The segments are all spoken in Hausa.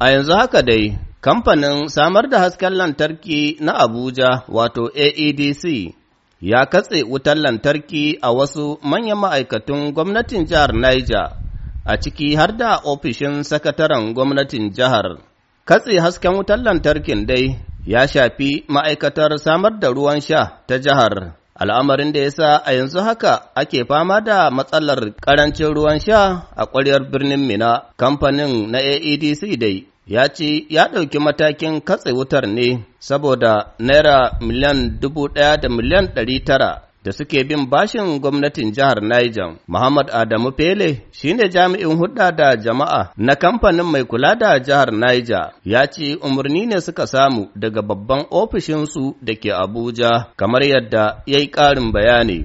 A yanzu haka dai, kamfanin samar da hasken lantarki na Abuja wato AEDC ya katse wutar lantarki a wasu manyan ma'aikatun gwamnatin jihar Niger, a ciki har da ofishin sakataren gwamnatin jihar. Katse hasken wutar lantarkin dai ya shafi ma'aikatar samar da ruwan sha ta jihar. al'amarin da ya sa a yanzu haka ake fama da matsalar ƙarancin ruwan sha a ƙwaryar birnin Mina. Kamfanin na AEDC dai ya ce ya ɗauki matakin katse wutar ne saboda naira miliyan dubu ɗaya da miliyan ɗari tara da suke bin bashin gwamnatin jihar Niger. Muhammad Adamu Pele shine jami'in hudda da jama'a na kamfanin mai kula da jihar Niger. Ya ce umarni ne suka samu daga babban ofishinsu da ke Abuja kamar yadda ya yi ƙarin bayani.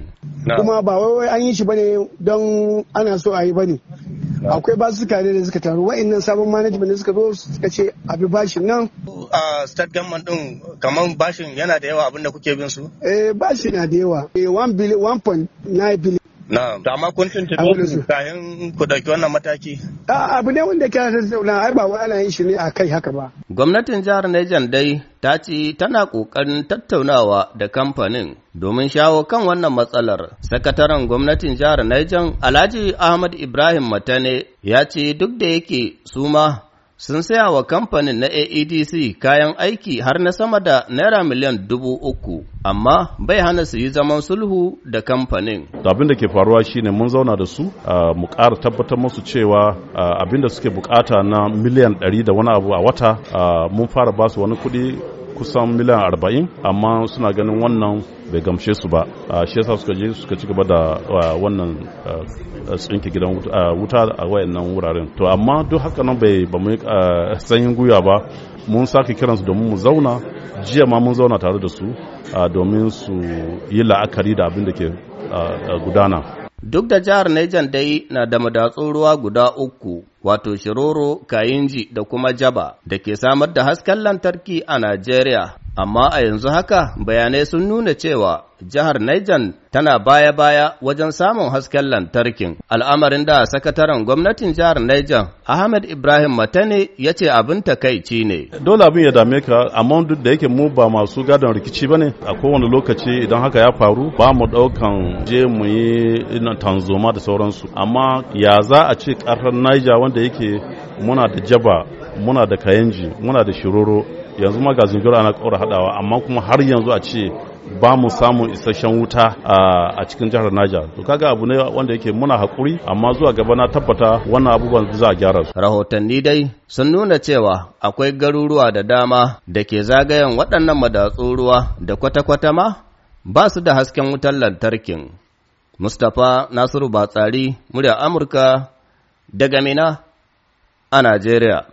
Kuma ba wai an yi shi bane don ana so a yi bane. akwai su kare da suka taru wa'annan sabon management da suka zo suka ce abi bashin nan a state government din kamar bashin yana da yawa abinda kuke bin su eh bashi na da yawa 1.9 eh, billion Na, To amma kun tuntube su kayan ku dauki wannan mataki? A abu ne wanda ke tattauna ai ba wai ana yin shi ne a kai haka ba. Gwamnatin jihar Niger dai ta ce tana kokarin tattaunawa da kamfanin domin shawo kan wannan matsalar. Sakataren gwamnatin jihar Niger Alhaji Ahmad Ibrahim Matane ya ce duk da yake su ma sun saya wa kamfanin na AEDC kayan aiki har na sama da naira miliyan dubu uku, amma bai hana su yi zaman sulhu da kamfanin. Abin da ke faruwa shine mun zauna da su mu ƙara tabbatar musu cewa abin da suke bukata na miliyan ɗari da wani abu a wata mun fara basu wani kuɗi kusan miliyan arba'in amma suna ganin wannan bai gamshe su ba shi yasa suka je suka ci gaba da wannan tsinke gidan wuta a wayannan wuraren to amma duk haka nan bai ba mu sanyin guya ba mun sake kiransu domin mu zauna jiya ma mun zauna tare da su domin su yi la'akari da abin da ke gudana duk da jihar Niger dai na da madatsun ruwa guda uku wato Shiroro Kayinji da kuma Jaba da ke samar da hasken lantarki a Najeriya amma a yanzu haka bayanai sun nuna cewa jihar Niger tana baya-baya wajen samun hasken lantarkin, al'amarin da sakataren gwamnatin jihar Niger Ahmed Ibrahim Matane ya ce abin takaici ne. Dole abin ya dame ka, amma duk da yake mu ba masu gadon rikici ba ne, a kowane lokaci idan haka ya faru ba mu ɗaukan je mu yi tanzoma da sauransu, amma ya za a ce ƙarar Niger wanda yake muna da jaba, muna da kayanji, muna da shiroro, yanzu ma ga na ƙaura haɗawa amma kuma har yanzu a ce ba mu samun isasshen wuta a cikin jihar Naja. To kaga abu ne wanda yake muna hakuri amma zuwa gaba na tabbata wannan abubuwan za a gyara su. Rahotanni dai sun nuna cewa akwai garuruwa da dama da ke zagayen waɗannan madatsun ruwa da kwata-kwata ma ba su da hasken wutar lantarkin. Mustapha Nasiru Batsari, murya Amurka daga Mina a Najeriya.